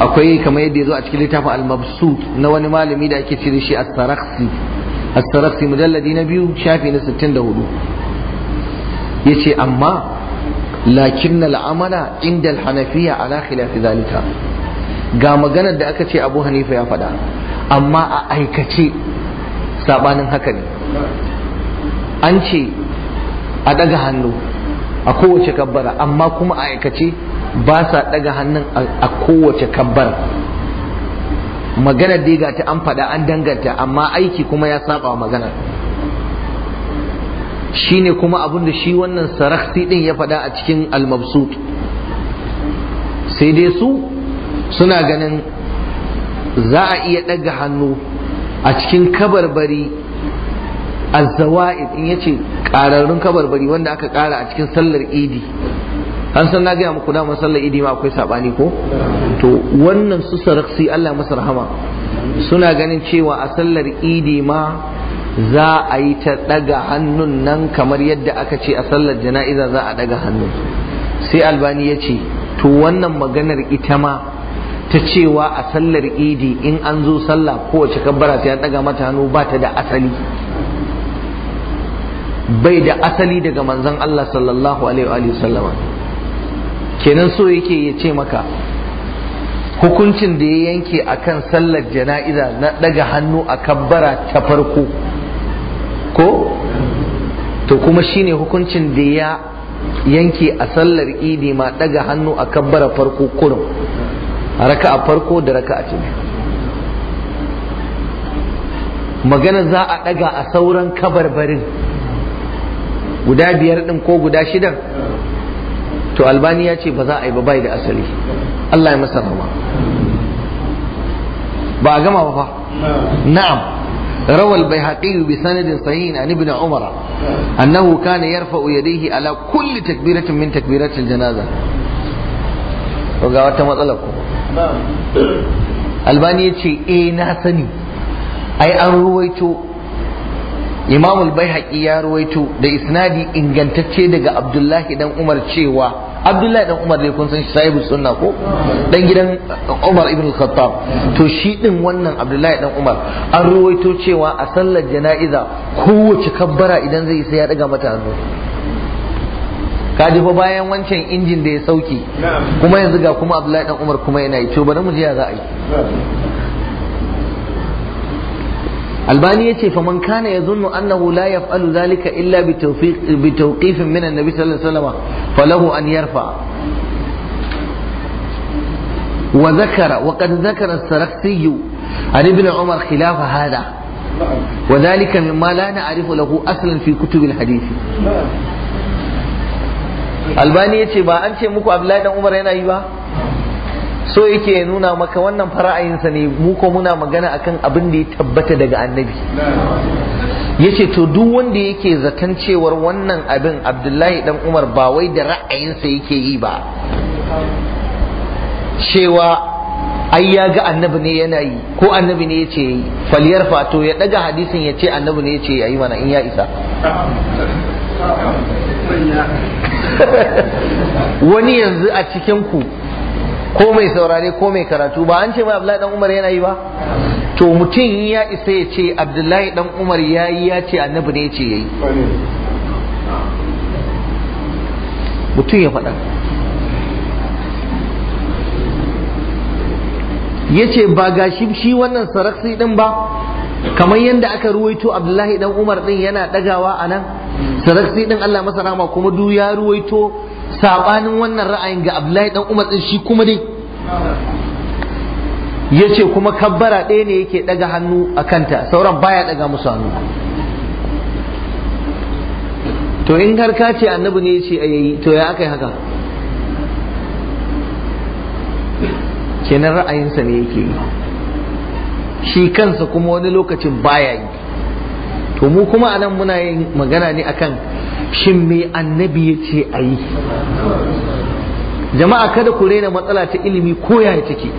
akwai kamar yadda ya zo a cikin littafin al na wani malami da ake cire shi as saraksi as saraksi mujalladi na biyu shafi na 64 yace amma lakin al-amala inda al-hanafiya ala khilafi zalika ga maganar da aka ce Abu Hanifa ya faɗa amma a aikace sabanin haka ne an ce a daga hannu a kowace kabbara amma kuma a aikace ba sa daga hannun a kowace kabbara maganar dai ta an faɗa an danganta amma aiki kuma ya saba wa maganar ne kuma abunda shi wannan sarakhsi din ya faɗa a cikin almabsu. sai dai su suna ganin za a iya ɗaga hannu a cikin kabarbari azzawa'id in yace kararrun kabarbari wanda aka kara a cikin sallar idi an san na gaya muku da sallar idi ma akwai sabani ko to wannan su saraksi Allah masa rahama suna ganin cewa a sallar idi ma za a yi ta daga hannun nan kamar yadda aka ce a sallar jana'iza za a daga hannun sai albani ya ce to wannan maganar ita ma ta cewa a sallar idi in an zo sallah kowace kabbara ta ya daga mata hannu ba ta da asali bai da asali daga manzon Allah sallallahu alaihi wa sallama kenan so yake ya ce maka hukuncin da ya yanke akan sallar jana'iza na daga hannu a kabbara ta farko ko to kuma shine hukuncin da ya yanke a sallar idi ma daga hannu a kabbara farko kurum a raka a farko da raka a magana za a daga a sauran kabarbarin guda biyar ɗin ko guda shidan to albani ya ce ba za a yi ba bai da asali Allah ya masa rama ba a gama ba fa na'am rawal bai haƙi bi sanadin sahihi an ibn umara annahu kana yarfa'u yadayhi ala kulli takbiratin min takbiratil janaza to ga wata matsalar ko albani ya ce eh na sani ai an ruwaito imam al ya ruwaito da isnadi ingantacce daga abdullahi dan umar cewa abdullahi dan umar ne kun san shi sahibu sunna ko dan gidan umar ibn al-khattab to shi din wannan abdullahi dan umar an ruwaito cewa a sallar jana'iza kowace kabbara idan zai sai ya daga mata hannu kaji fa bayan wancan injin da ya sauke kuma yanzu ga kuma abdullahi dan umar kuma yana yi to bari mu ji ya za yi albani yace fa man kana zunnu annahu la yaf'alu dhalika illa bi tawfiq tawqifin min annabi sallallahu alaihi wasallam falahu an yarfa Wa zakara وذكر وقد ذكر السرقسي عن ابن عمر خلاف هذا وذلك مما لا نعرف له اصلا fi كتب الحديث albani ya ce ba an ce muku abdullahi dan umar yana yi ba so yake ya nuna maka wannan fara'ayinsa ne mu ko muna magana akan abin da ya tabbata daga annabi yace to duk wanda yake zaton cewar wannan abin abdullahi dan umar ba wai da ra'ayinsa yake yi ba cewa ai ya ga annabi ne yana yi ko annabi ne yace yi faliyar fato ya daga hadisin ya ce annabi ne yace yayi mana in ya isa wani yanzu a cikin ku ko mai saurare ko mai karatu ba an ce mai abdullahi dan umar yana yi ba to mutum ya isa ya ce abdullahi dan umar ya yi ya ce annabi ne ya ce ya yi mutum ya faɗa ya ce ba ga shi wannan saraksi din ba kamar yadda aka ruwaito abdullahi dan umar din yana ɗagawa a nan saraksi din allah masa rama kuma du ya ruwaito sabanin wannan ra'ayin ga Abdullahi dan Umar din shi kuma dai ce kuma kabbara ɗaya ne yake ɗaga hannu a kanta sauran baya daga musu hannu to in har ka ce annabi ne ya ce a yayi to ya yi haka kenan ra'ayinsa ne yake yi shi kansa kuma wani lokacin baya yi to mu kuma anan muna yin magana ne akan shin me annabi ya ce a yi jama'a kada ku raina matsala ta ilimi ko yaya take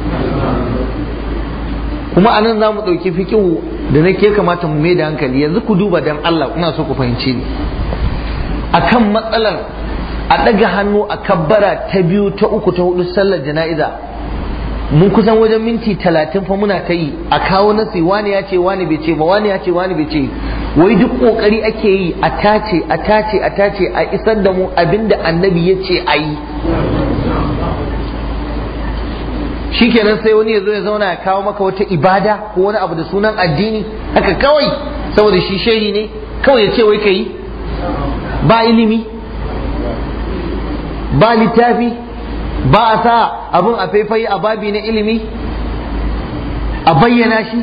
kuma a nan za mu ɗauki fikihu da na ke kamata mu mai da hankali yanzu ku duba dan Allah kuna so ku fahimci ni kan matsalar a ɗaga hannu a kabbara ta biyu ta uku ta hudu sallar jana'iza mun kusan wajen minti talatin fa muna ta yi a kawo nasi wani ya ce wani bai ce ba wani ya ce wani bai ce wai duk kokari ake yi a tace a tace a tace a isar da mu abinda annabi ya ce a yi shikenan sai wani ya zo ya zauna ya kawo maka wata ibada ko wani abu da sunan addini haka kawai saboda shi shehi ne kawai ya ce wai ka yi ba ilimi ba littafi ba a sa abin a faifai a babi na ilimi a bayyana shi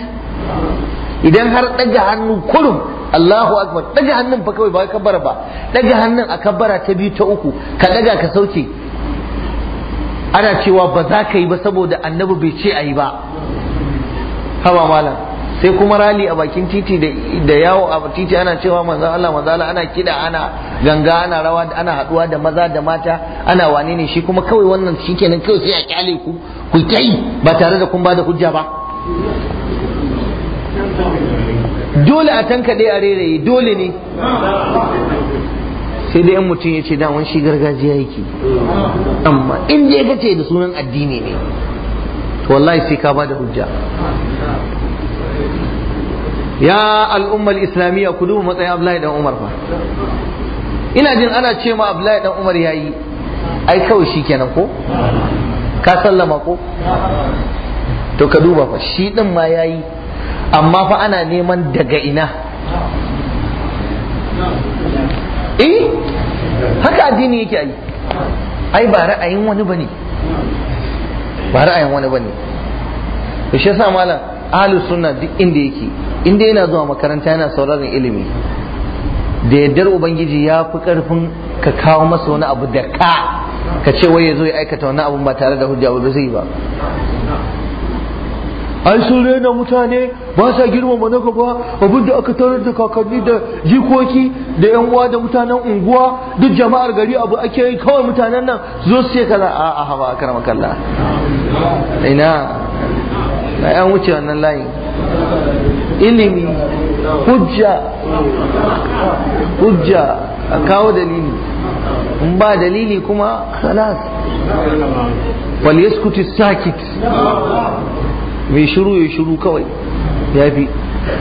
idan har ɗaga hannu kurum Allahu akbar ɗaga hannun fa kawai ba kabbara ba ɗaga hannun a kabbara ta biyu ta uku ka ɗaga ka sauke ana cewa ba za ka yi ba saboda annabi bai ce a yi ba hawa malam sai kuma rali a bakin titi da yawo a titi ana cewa manzo Allah maza Allah ana kida ana ganga ana rawa ana haduwa da maza da mata ana wane ne shi kuma kawai wannan shikenan kawai sai a kyale ku ku kai ba tare da kun bada hujja ba dole a tanka dai a reraye dole ne sai dai yan mutum ya ce daman shi gargajiya yake amma in dai ka ce da sunan addini ne to wallahi sai ka da hujja ya al'ummar islamiyya ku duba matsayin abdullahi dan umar fa ina jin ana ce ma abdullahi dan umar yayi ai kawai shi kenan ko ka sallama ko to ka duba fa shi din ma yayi amma fa ana neman daga ina eh haka addini yake ai ai ba ra'ayin wani bane ba ra'ayin wani bane to shi yasa malam ahli sunna duk inda yake inda yana zuwa makaranta yana sauraron ilimi da yaddar ubangiji ya fi karfin ka kawo masa wani abu da ka ka ce wai ya zo ya aikata wani abu ba tare da hujja ba zai ba ai sun rena mutane ba sa girmama na gaba abin da aka tarar da kakanni da jikoki da yan uwa da mutanen unguwa duk jama'ar gari abu ake yi kawai mutanen nan zo su ce kaza a a hawa karamakalla ina na yan wuce wannan layi. ilimi hujja hujja a kawo dalili in ba dalili kuma salas falyaskuti sakit mai shiru ya shiru kawai ya fi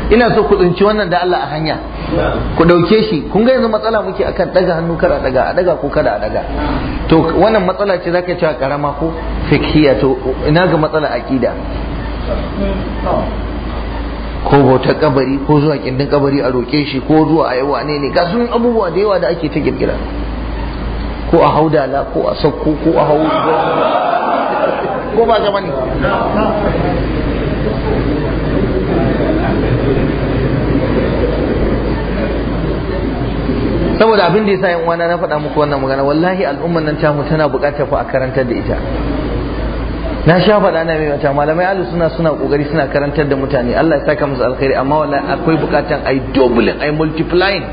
ina so ku tsinci wannan da Allah a hanya ku ɗauke shi kun ga yanzu matsala muke akan daga hannu kada daga a daga ko kada a daga to wannan matsala ce zaka cewa karama ko fikhiya to ina ga matsala aqida ko bautar kabari ko zuwa kindin kabari a roke shi ko zuwa a yawa ne ne ga sun abubuwa da yawa da ake ta girgira ko a hau ko a sauko ko a hau ko ba gaba ne saboda abin da yasa yan uwana na faɗa muku wannan magana wallahi al'ummar nan tamu tana buƙatar fa a karantar da ita na sha faɗa na mai mata malamai alu suna suna kokari suna karantar da mutane Allah ya saka musu alkhairi amma wallahi akwai bukatan ai doubling ai multiplying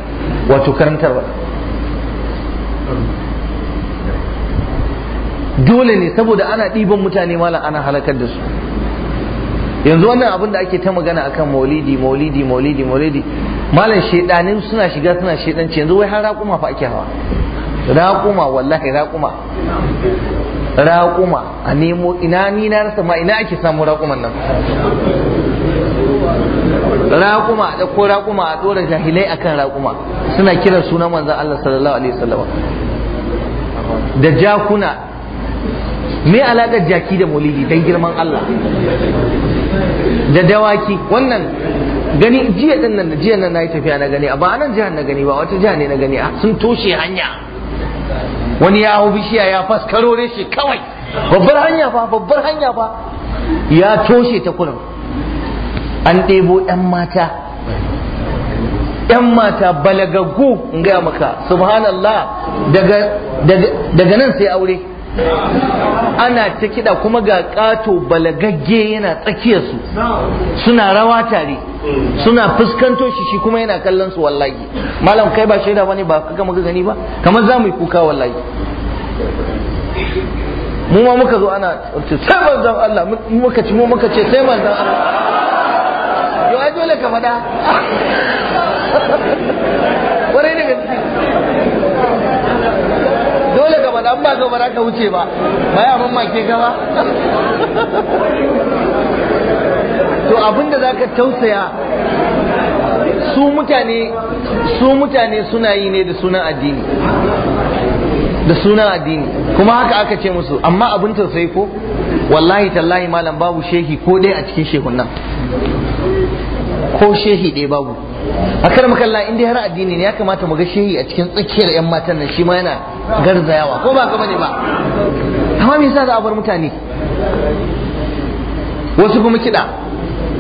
wato karantarwa dole ne saboda ana ɗiban mutane malam ana halakar da su yanzu wannan abin da ake ta magana akan maulidi maulidi maulidi maulidi malam shedanin suna shiga suna shedanci yanzu wai har raƙuma fa ake hawa raƙuma wallahi raƙuma raƙuma a nemo ina ni na rasa ma ina ake samu raƙuman nan raƙuma da ko raƙuma a ɗora jahilai akan raƙuma suna kiran sunan manzon Allah sallallahu alaihi wasallam da jakuna me alaƙar jaki da mulidi dan girman Allah da dawaki wannan gani jiya din nan jiya nan yi tafiya na gani ba anan jihar na gani ba wata jiha ne na gani sun toshe hanya wani ya hau bishiya ya faskaro shi kawai babbar hanya ba babbar hanya ba ya toshe ta kurin an ɗebo 'yan mata 'yan mata balagaggu in gaya maka subhanallah daga nan sai aure ana ta kiɗa kuma ga ƙato balagagge yana tsakiyar su suna rawa tare suna fuskanto shi shi kuma yana kallon su wallahi malam kai ba shaida bane ba kaga muka gani ba kamar za mu yi kuka wallahi mu ma muka zo ana sai manzon Allah muka ci mu muka ce sai manzon Allah yo ai dole ka fada wani an ba zo ba za ka wuce ba ba ya make ka ba to abinda za ka tausaya su mutane su mutane suna yi ne da sunan addini da sunan addini kuma haka aka ce musu amma abin tausayi ko wallahi tallahi malam babu shehi ko dai a cikin shehun nan ko shehi dai babu a kar makalla in dai har addini ne ya kamata mu ga shehi a cikin tsakiyar yan matan nan shi ma yana garzayawa ko ba ka bane ba amma me yasa za a bar mutane wasu kuma kiɗa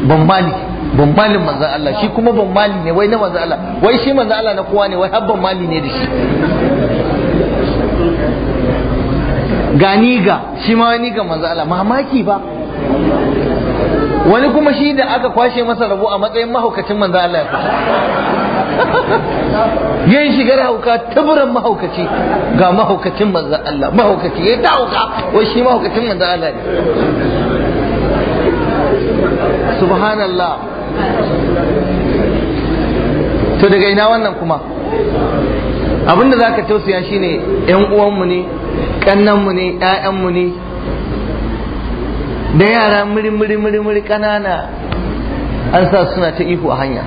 bambani bambalin manzan Allah shi kuma bambali ne wai na manzan Allah wai shi manzan Allah na kowa ne wai har bambali ne da shi gani ga shi ma wani ga manzan Allah mamaki ba wani kuma shi da aka kwashe masa rabo a matsayin mahaukacin manzan Allah ya yayin shigar hauka taburan mahaukaci ga mahaukacin manzan Allah mahaukaci ya ta hauka wai shi mahaukacin manzan Allah ne subhanallah to daga ina wannan kuma abinda za ka tausaya ne, yan uwanmu ne kannanmu ne 'ya'yanmu ne da yara muri muri muri muri ƙanana an sa suna ta ihu a hanya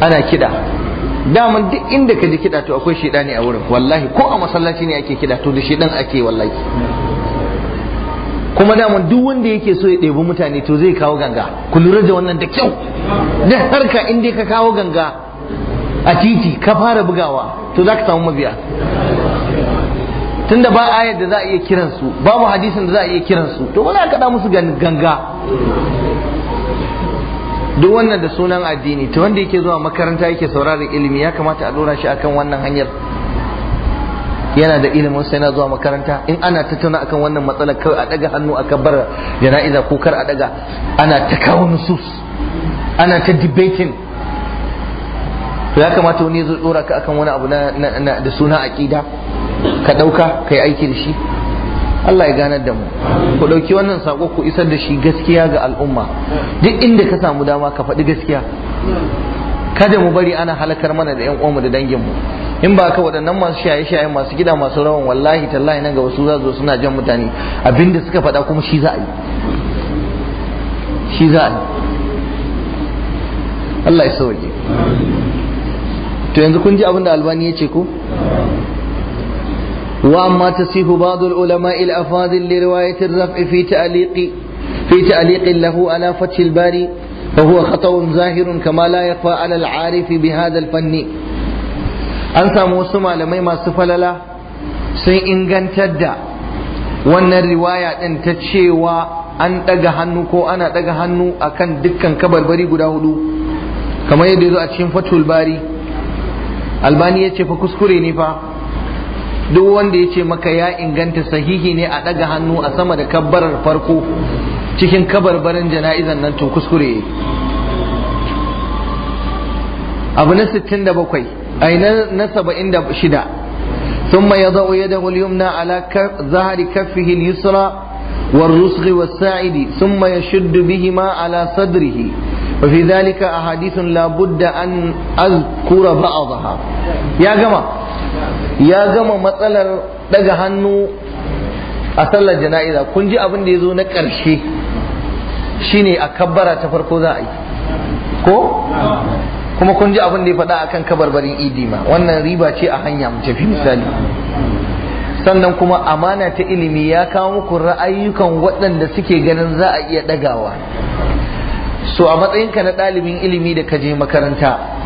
ana kiɗa daman duk inda ka ji kiɗa to akwai ne a wurin wallahi ko a masallaci ne ake kida to da shedan ake wallahi kuma daman duk wanda yake so ya ɗebi mutane to zai kawo ganga ku lura da wannan da kyau da harka inda ka kawo ganga a titi ka fara bugawa to za ka samu mabiya tunda ba ayar da za a iya kiransu babu hadisin da za a iya kiransu to wani aka da musu ganga duk wannan da sunan addini ta wanda yake zuwa makaranta yake sauraron ilimi ya kamata a dora shi akan wannan hanyar yana da ilimin sai na zuwa makaranta in ana tattauna akan wannan matsalar kawai a daga hannu a bar jana'iza ko kar a daga ana ta kawo nusus ana ta debating to ya kamata wani zai dora ka akan wani abu na da suna aqida ka dauka kai aiki da shi Allah ya ganar da mu ku ɗauki wannan sako ku isar da shi gaskiya ga al'umma duk inda ka samu dama ka faɗi gaskiya kada mu bari ana halakar mana da yan uwanmu da danginmu in ba ka waɗannan masu shaye-shaye masu gida masu rawan wallahi tallahi nan ga wasu za zo suna jan mutane abinda suka faɗa kuma shi za a yi shi za a yi Allah ya sauke to yanzu kun ji abin da albani ya ce ko وأما تصيح بعض العلماء الأفاضل لرواية الرفع في تأليق في تأليق له على فتح الباري فهو خطأ ظاهر كما لا يخفى على العارف بهذا الفن أنسى موسم على ما سفل له sun ingantadda wannan riwaya ɗin ta cewa an ɗaga hannu ko ana ɗaga hannu a kan dukkan kabarbari guda huɗu. kamar yadda ya zo a cikin fatul bari albani ya ce fa kuskure ne fa duk wanda ya ce maka ya inganta sahihi ne a ɗaga hannu a sama da kabbarar farko cikin kabarbarin jana'izan nan to kuskure abu na 67 ai na 76 ثم يضع يده اليمنى على ظهر كفه اليسرى والرسغ والساعد ثم يشد بهما على صدره وفي ذلك أحاديث لا بد أن أذكر بعضها يا جماعة ya gama matsalar daga hannu a sallar jana'iza kun ji abin da ya zo na ƙarshe shine a kabbara ta farko za a yi ko kuma kun ji abin da ya faɗa akan kabarbarin idi ma wannan riba ce a hanya mu tafi misali sannan kuma amana ta ilimi ya kawo muku ra'ayyukan waɗanda suke ganin za a iya ɗagawa so a matsayinka na ɗalibin ilimi da ka je makaranta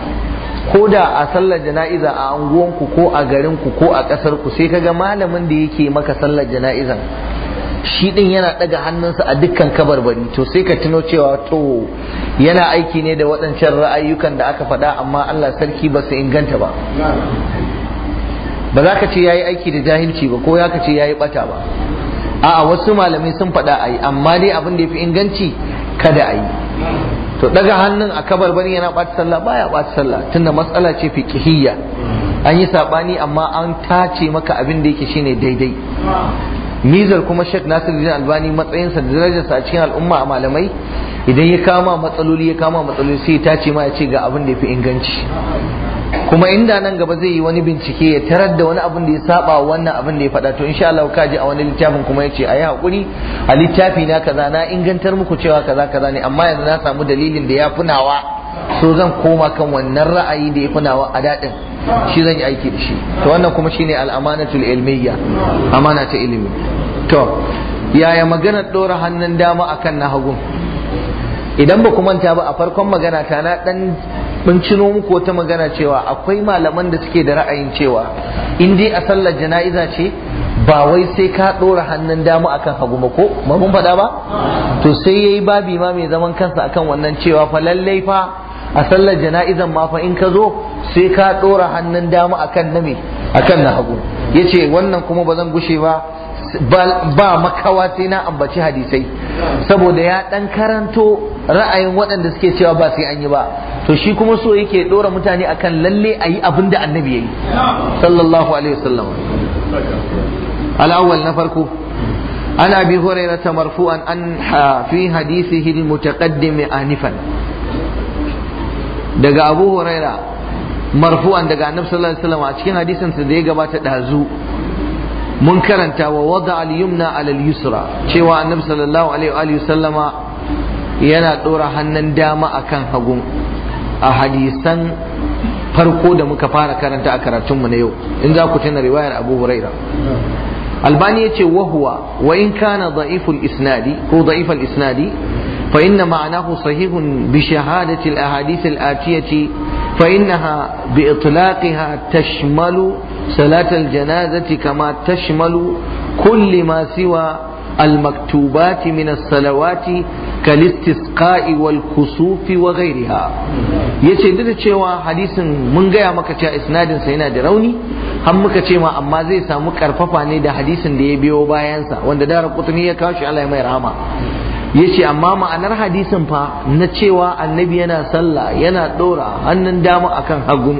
ko da a sallar jana'iza a anguwanku ko a garinku ko a ƙasarku sai kaga malamin da yake maka sallar jana'izan shi din yana ɗaga hannunsa a dukkan kabarbari to sai ka tuno cewa to yana aiki ne da waɗancan ra'ayyukan da aka faɗa amma Allah sarki ba su inganta ba ba za ka ce ya yi aiki da jahilci ba ko ya ka ce ya yi ɓata ba a'a wasu malamai sun faɗa a yi amma dai abin da ya fi inganci kada a yi to daga hannun a kabar kabarbari yana ɓata sallah baya ɓata sallah tunda matsala ce fiqhiyya an yi saɓani amma an tace maka abin da yake shine daidai mizar kuma shek Sheikh Nasiruddin Albani matsayinsa da darajarsa a cikin al'umma a malamai idan ya kama matsaloli ya kama matsaloli sai ya tace ma ya ce ga abin da ya fi inganci kuma inda nan gaba zai yi wani bincike ya tarar da wani abin da ya saba wannan abin da ya faɗa to insha Allah ka ji a wani littafin kuma yace ayi hakuri a littafi na kaza na ingantar muku cewa kaza kaza ne amma yanzu na samu dalilin da ya funawa so zan koma kan wannan ra'ayi da ya funawa a dadin shi zan yi aiki da shi to wannan kuma shine al'amanatul ilmiyya amana ta ilimi to yaya maganar ɗora hannun dama akan na hagun idan ba ku manta ba a farkon magana ta na dan mun cino muku wata magana cewa akwai malaman da suke da ra'ayin cewa in dai a sallar jana'iza ce ba wai sai ka ɗora hannun damu akan hagu ba ko ba mun faɗa ba to sai yayi babi ma mai zaman kansa akan wannan cewa fa lallai fa a sallar jana'izan ma fa in ka zo sai ka ɗora hannun damu akan na me akan na hagu yace wannan kuma ba zan gushe ba ba makawa sai na ambaci hadisai saboda ya dan karanto ra'ayin waɗanda suke cewa ba sai an yi ba to shi kuma so yake ɗora mutane akan lalle a yi abin da annabi ya yi sallallahu alaihi wasallam al-awwal na farko an abi hurairata marfu'an an fi hadisihi al-mutaqaddim anifan daga abu hurairah marfu'an daga annabi sallallahu alaihi wasallam a cikin hadisin da ya gabata dazu mun karanta wa wada al-yumna al-yusra cewa annabi sallallahu alaihi wa sallama yana dora hannun dama akan hagun a hadisan farko da muka fara karanta a karatunmu na yau in za ku tuna riwayar abu huraira albani yace wa huwa wa in kana da'iful isnadi ko da'ifal isnadi fa inna ma'anahu sahihun bi shahadati al ahadith al atiyati fa innaha bi itlaqiha tashmalu صلاه الجنازه كما تشمل كل ما سوى المكتوبات من الصلوات كالاستسقاء والكسوف وغيرها yace duk da cewa hadisin mun gaya maka cewa isnadin sa yana da rauni har muka ce ma amma zai samu karfafa ne da hadisin da ya biyo bayansa wanda dara kutuni ya kawo shi Allah ya mai rahama yace amma ma'anar hadisin fa na cewa annabi yana sallah yana dora hannun dama akan hagu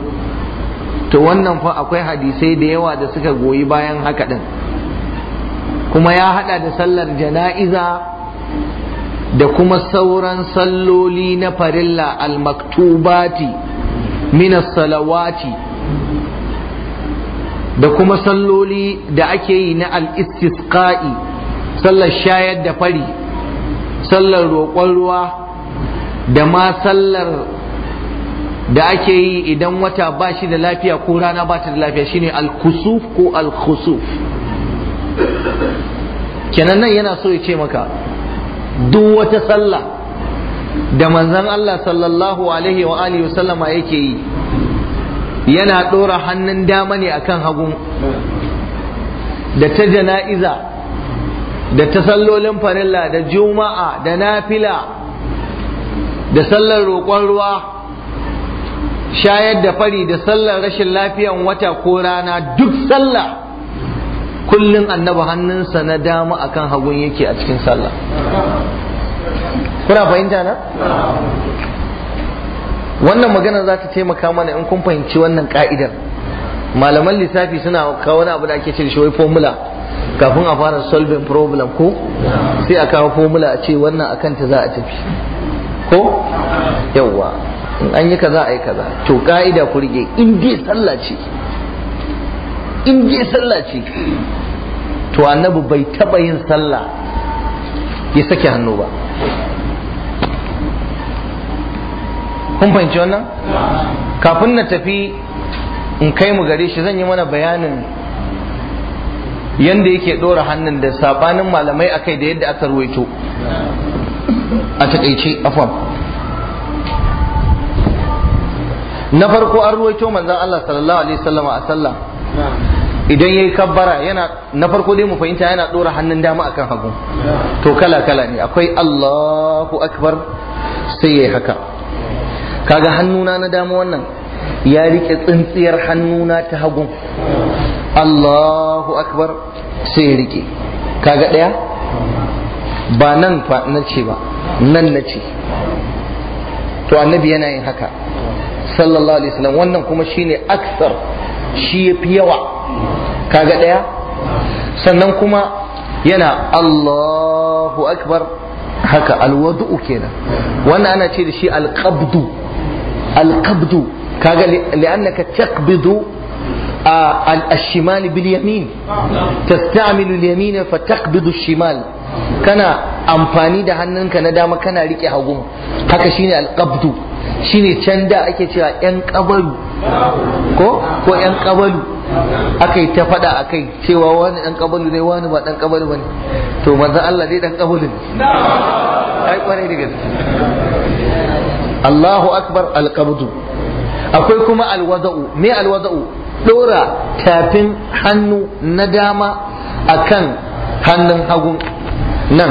to wannan fa akwai hadisai da yawa da suka goyi bayan haka din kuma ya hada da sallar jana'iza da kuma sauran salloli na farilla al almaktubati minas salawati da kuma salloli da ake yi na al-istisqa'i sallar shayar da fari sallar roƙon ruwa da ma sallar da ake yi idan wata ba shi da lafiya ko rana ba ta da lafiya shine al-kusuf ko al kenan nan yana so ya ce maka duk wata sallah da manzon Allah sallallahu alaihi wa alihi wasallama yake yi yana ɗora hannun dama ne akan hagu da ta jana'iza da ta sallolin farilla da juma'a da nafila da sallar roƙon ruwa shayar da fari da sallar rashin lafiyan wata ko rana duk sallah kullum annabi hannunsa na dama akan hagun yake a cikin sallah kuna fahimta na wannan magana za ta taimaka mana in kun fahimci wannan ka'idar malaman lissafi suna kawo wani abu da ake ce shi wai formula kafin a fara solving problem ko sai a kawo fomula a ce wannan akan ta za a tafi ko yawwa in an yi kaza a yi kaza to ka'ida ku rige in dai sallah ce in sallah ce to annabi bai taba yin sallah ya sake hannu ba kun fahimci wannan kafin na tafi in kai mu gare shi zan yi mana bayanin yadda yake ɗora hannun da sabanin malamai akai da yadda aka ruwaito a takaice afam na farko an ruwaito manzon Allah sallallahu alaihi wasallam a sallah idan yayi kabbara yana na farko dai mu fahimta yana dora hannun dama akan hagu to kala kala ne akwai Allahu akbar sai yayi haka kaga hannuna na dama wannan ya rike tsintsiyar hannuna ta hagun Allahu akbar sai ya rike kaga daya ba nan fa na ce ba nan na ce to annabi yana yin haka sallallahu alaihi wasallam wannan kuma shine aksar shi yafi yawa kaga daya sannan kuma yana Allahu akbar haka alwadu'u kenan wannan ana ce da shi alqabdu alqabdu kaga li'annaka taqbidu الشمال باليمين تستعمل اليمين فتقبض Shimal. kana amfani da hannunka na dama kana rike hagun haka shine alqabdu shine can da ake cewa yan kabaru ko ko yan kabaru akai ta fada akai cewa wani dan kabaru ne wani ba dan kabaru bane to manzo Allah dai dan kabaru ne ai kware da gaske Allahu akbar alqabdu akwai kuma alwada'u me alwada'u dora tafin hannu na dama akan hannun hagun nan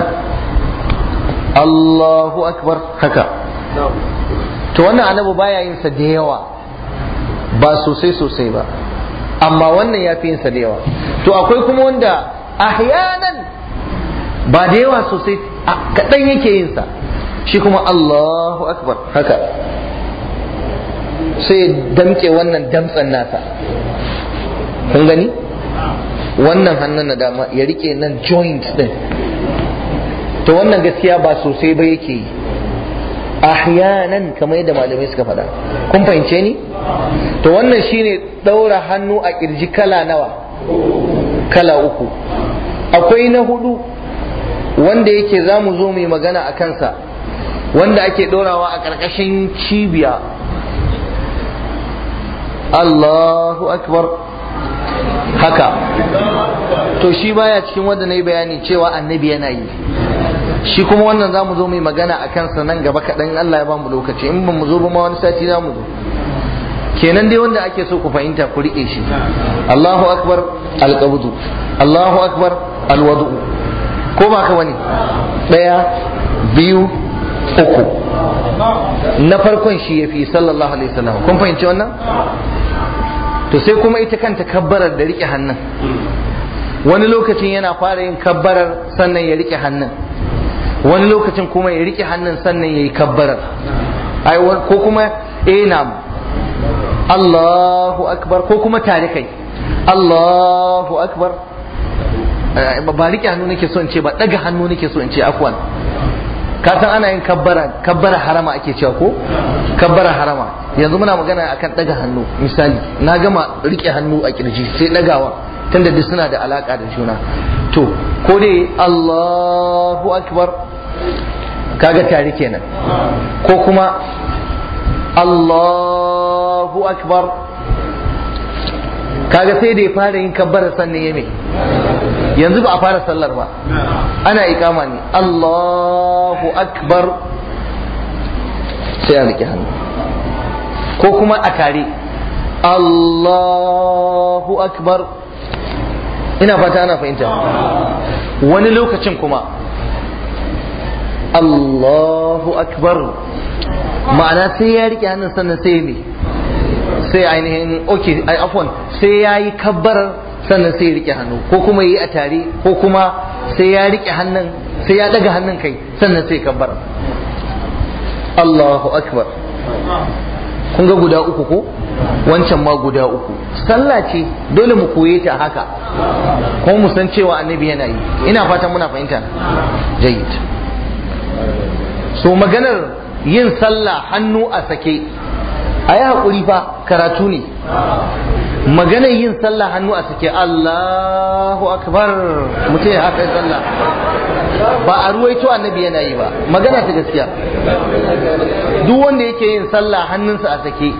Allahu akbar haka to wannan annabi baya yin sa da yawa ba sosai sosai ba amma wannan ya fi yin sa da yawa to akwai kuma wanda ahyanan ba da yawa sosai kaɗan yake yin sa shi kuma Allahu akbar haka sai damke wannan damtsan nasa kun gani wannan hannun na dama ya rike nan joint din to wannan gaskiya ba sosai ba yake yi ahyanan kamar yadda malamai suka faɗa kun fahimce ni to wannan shine ɗaura hannu a kirji kala nawa kala uku akwai na hudu wanda yake za mu zo mai magana a kansa wanda ake ɗorawa a ƙarƙashin cibiya Allahu akbar haka to shi baya cikin wanda na yi bayani cewa annabi yana yi shi kuma wannan za mu zo mai magana a kansa nan gaba kaɗan Allah ya ba mu lokaci in ba mu zo ba ma wani sati za mu zo kenan dai wanda ake so ku fahimta ku riƙe shi Allahu akbar alqabdu Allahu akbar alwadu ko ba ka wani ɗaya biyu uku na farkon shi ya fi sallallahu alaihi wasallam kun fahimci wannan to sai kuma ita kanta kabbarar da riƙe hannun wani lokacin yana fara yin kabbarar sannan ya riƙe hannun wani lokacin kuma ya riƙe hannun sannan ya yi kabbarar ko kuma enam eh, Allahu akbar ko kuma tare kai Allahu akbar eh, ba riƙe hannu nake so in ce ba ɗaga hannu nake so in ce akwan Kasan ana yin kabbara kabbara harama ake cewa ko kabbara harama yanzu muna magana akan ɗaga hannu misali na gama riƙe hannu a ƙirji sai ɗagawa. tunda duk suna da alaka da juna to ko dai Allahu akbar kaga tare kenan ko kuma Allahu akbar kaga sai da ya fara yin kabbar sannan ya yanzu ba a fara sallar ba ana ikama ne Allahu akbar sai a riƙe hannu ko kuma a tare Allahu akbar ina fata ana fahimta wani lokacin kuma Allahu akbar ma'ana sai ya rike hannun sannan sai ne sai ainihin ok afon sai ya yi kabbar sannan sai ya rike hannu ko kuma yi a tare ko kuma sai ya rike hannun sai ya daga hannun kai sannan sai kabbar Allahu akbar kun ga guda uku ko wancan ma guda uku sallah ce dole mu koye ta haka ko mu san cewa annabi yana yi ina fatan muna fahimta jayyid so maganar yin sallah hannu a sake a yi fa karatu ne maganar yin salla hannu a sake Allahu akbar mutum ya haka sallah ba a ruwaito annabi yana yi ba magana ta gaskiya duk wanda yake yin sallah hannunsa a sake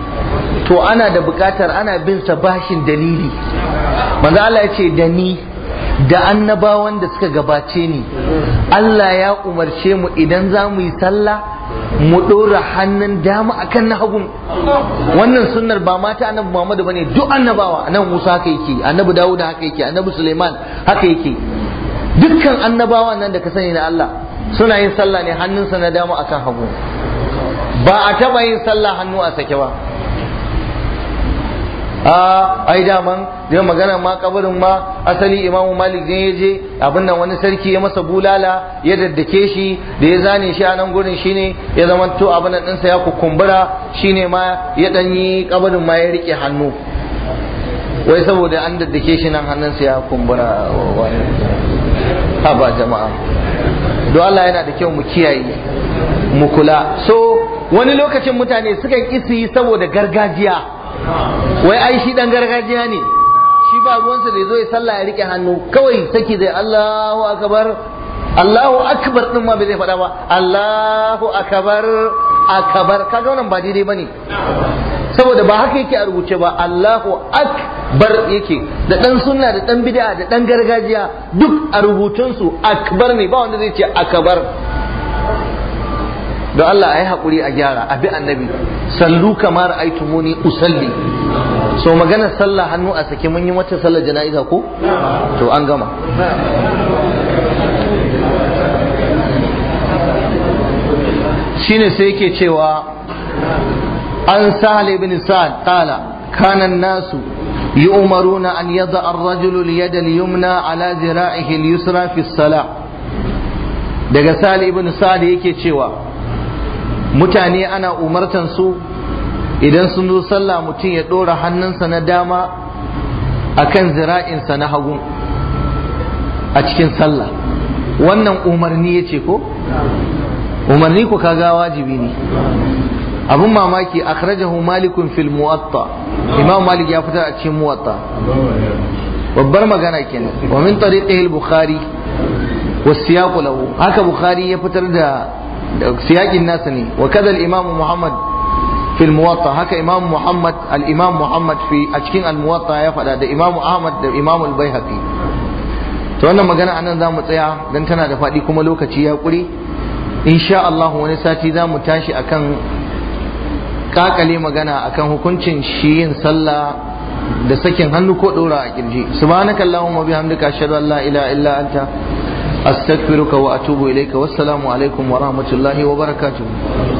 to ana da bukatar ana bin sa bashin dalili manzo Allah ya ce da ni da annabawan da suka gabace ni Allah ya umarce mu idan za mu yi sallah mu ɗora hannun dama akan na hagun wannan sunnar ba mata annabi Muhammadu bane duk annabawa annabi Musa haka yake annabi Dawud haka yake annabi Suleiman haka yake dukkan annabawan nan da ka sani na Allah suna yin sallah ne hannunsa na dama akan hagu ba a taba yin sallah hannu a sake ba a ai daman da magana ma kabarin ma asali imamu malik ne ya je abin nan wani sarki ya masa bulala ya daddake shi da ya zane shi a nan gurin shine ya zama to abin nan ɗinsa ya kukumbura shine ma ya danyi kabarin ma ya rike hannu wai saboda an daddake shi nan hannunsa ya kumbura haba jama'a don Allah yana da kyau mu kiyaye mu kula so wani lokacin mutane suka yi isi saboda gargajiya wai ai shi dan gargajiya ne shi ba ruwansa da zo ya sallah ya rike hannu kawai saki zai Allahu akbar Allahu akbar din ma bai zai faɗa ba Allahu akbar akbar kaga wannan ba daidai bane saboda ba haka yake a rubuce ba Allahu akbar bar yake da dan sunna da dan bid'a da dan gargajiya duk a rubutunsu akbar ne ba wanda zai ce akbar don Allah ayi hakuri a gyara a bi annabi sallu kamar aitumuni usalli so magana sallah hannu a sake mun yi wata sallar jana'iza ko to an gama shine sai yake cewa an sahal ibn sa'ad qala kanan nasu يؤمرون أن يضع الرجل اليد اليمنى على ذراعه اليسرى في الصلاة daga sali ibn sa'ad yake cewa mutane ana umartan su idan sun zo sallah mutum ya ɗora hannunsa na dama kan zira'insa na hagu a cikin sallah wannan umarni ya ce ko umarni ku kaga wajibi ne Abin mamaki akhrajahu malikun fil muwatta imam malik ya fitar a cikin muwatta babbar magana kenan wa min tariqihi al-bukhari wa siyaq lahu haka bukhari ya fitar da siyaqin nasa ne wa kadha al-imam muhammad في الموطا هكا امام محمد الامام محمد في اشكين الموطا يا فدا ده امام احمد ده امام البيهقي to wannan magana anan za mu tsaya dan tana da faɗi kuma lokaci ya kuri insha Allah wani sati za mu tashi akan kakali magana akan hukuncin shi yin sallah da sakin hannu ko dora a kirji subhanaka allahumma bihamdika ashhadu an la ilaha illa anta astaghfiruka wa atubu ilayka wassalamu alaikum wa rahmatullahi wa barakatuh